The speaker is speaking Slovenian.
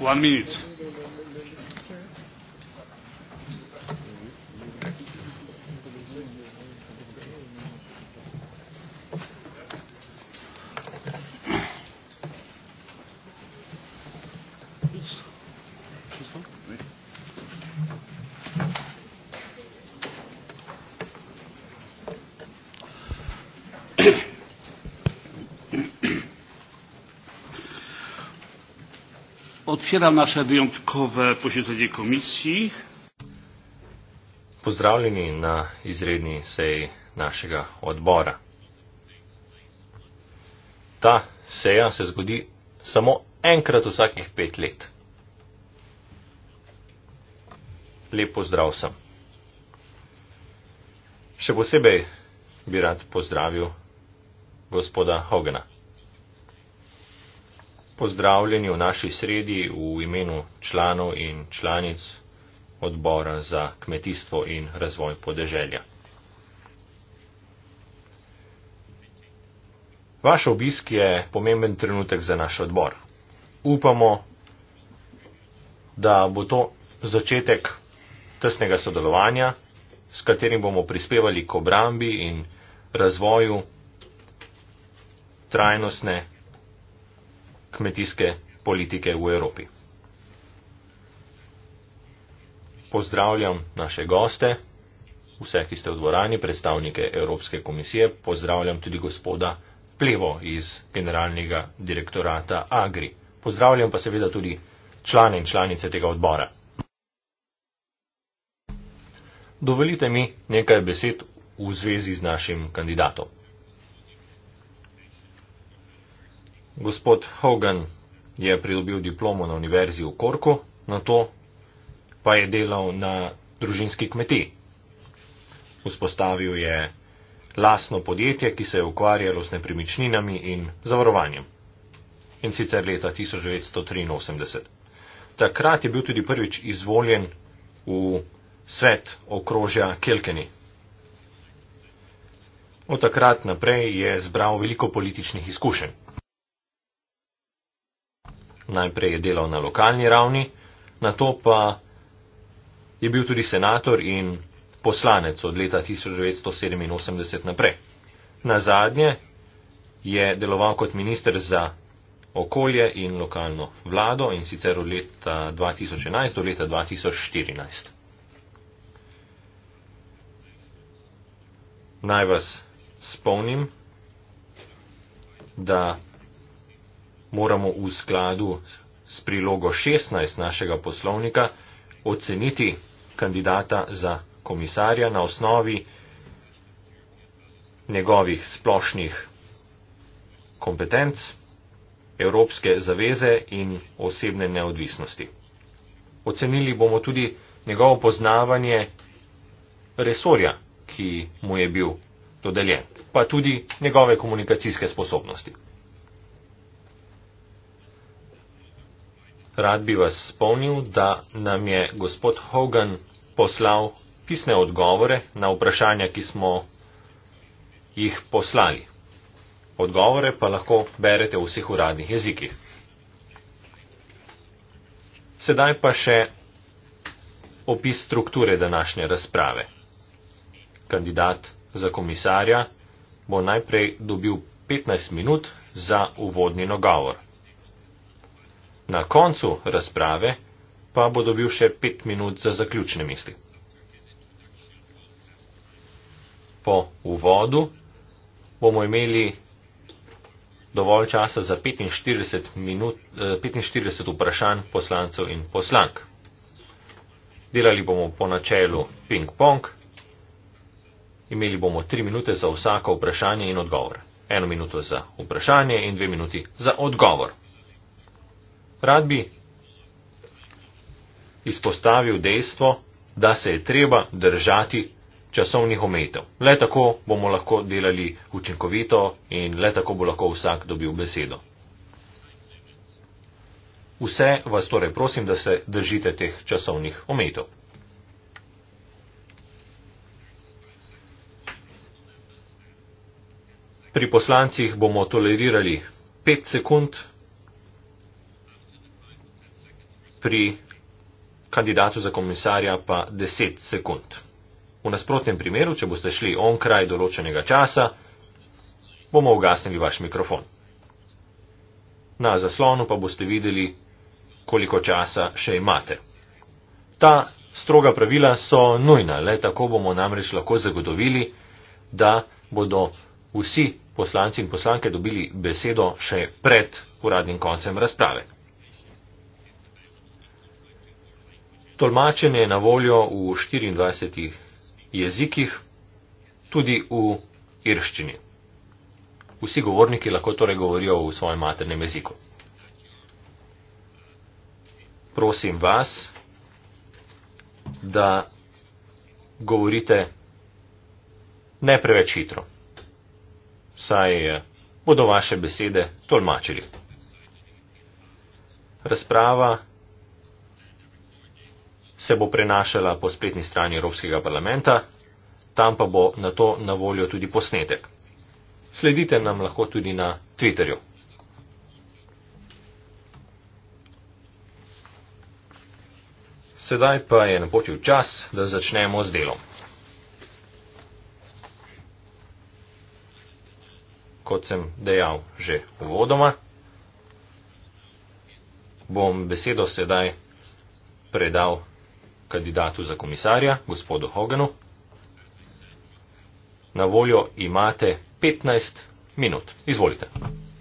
one minute. Otwieram nasze wyjątkowe posiedzenie komisji. Pozdrawieni na izredni sej naszego odbora. Ta seja se zgodi samo enkrat vsakih pet let. Lep pozdrav sem. Še posebej bi rad pozdravil gospoda Hogana pozdravljeni v naši sredi v imenu članov in članic odbora za kmetijstvo in razvoj podeželja. Vaš obisk je pomemben trenutek za naš odbor. Upamo, da bo to začetek tesnega sodelovanja, s katerim bomo prispevali k obrambi in razvoju trajnostne kmetijske politike v Evropi. Pozdravljam naše goste, vse, ki ste v dvorani, predstavnike Evropske komisije, pozdravljam tudi gospoda Plevo iz generalnega direktorata Agri. Pozdravljam pa seveda tudi člane in članice tega odbora. Dovolite mi nekaj besed v zvezi z našim kandidatom. Gospod Hogan je pridobil diplomo na univerzi v Korku, na to pa je delal na družinski kmetiji. Vzpostavil je lasno podjetje, ki se je ukvarjalo s nepremičninami in zavarovanjem. In sicer leta 1983. Takrat je bil tudi prvič izvoljen v svet okrožja Kelkeni. Od takrat naprej je zbral veliko političnih izkušenj najprej je delal na lokalni ravni, na to pa je bil tudi senator in poslanec od leta 1987 naprej. Na zadnje je deloval kot minister za okolje in lokalno vlado in sicer od leta 2011 do leta 2014. Naj vas spomnim, da moramo v skladu s prilogo 16 našega poslovnika oceniti kandidata za komisarja na osnovi njegovih splošnih kompetenc, evropske zaveze in osebne neodvisnosti. Ocenili bomo tudi njegovo poznavanje resorja, ki mu je bil dodeljen, pa tudi njegove komunikacijske sposobnosti. Rad bi vas spomnil, da nam je gospod Hogan poslal pisne odgovore na vprašanja, ki smo jih poslali. Odgovore pa lahko berete v vseh uradnih jezikih. Sedaj pa še opis strukture današnje razprave. Kandidat za komisarja bo najprej dobil 15 minut za uvodni nagovor. No Na koncu razprave pa bo dobil še pet minut za zaključne misli. Po uvodu bomo imeli dovolj časa za 45, minut, 45 eh, vprašanj poslancev in poslank. Delali bomo po načelu ping-pong. Imeli bomo tri minute za vsako vprašanje in odgovor. Eno minuto za vprašanje in dve minuti za odgovor. Rad bi izpostavil dejstvo, da se je treba držati časovnih omejitev. Le tako bomo lahko delali učinkovito in le tako bo lahko vsak dobil besedo. Vse vas torej prosim, da se držite teh časovnih omejitev. Pri poslancih bomo tolerirali 5 sekund pri kandidatu za komisarja pa 10 sekund. V nasprotnem primeru, če boste šli onkraj določenega časa, bomo ugasnili vaš mikrofon. Na zaslonu pa boste videli, koliko časa še imate. Ta stroga pravila so nujna, le tako bomo namreč lahko zagotovili, da bodo vsi poslanci in poslanke dobili besedo še pred uradnim koncem razprave. Tolmačenje je na voljo v 24 jezikih, tudi v irščini. Vsi govorniki lahko torej govorijo v svojem maternem jeziku. Prosim vas, da govorite ne preveč hitro, saj bodo vaše besede tolmačili. Razprava se bo prenašala po spletni strani Evropskega parlamenta, tam pa bo na to na voljo tudi posnetek. Sledite nam lahko tudi na Twitterju. Sedaj pa je napočil čas, da začnemo z delom. Kot sem dejal že uvodoma, bom besedo sedaj predal kandidatu za komisarja, gospodu Hoganu. Na voljo imate 15 minut. Izvolite.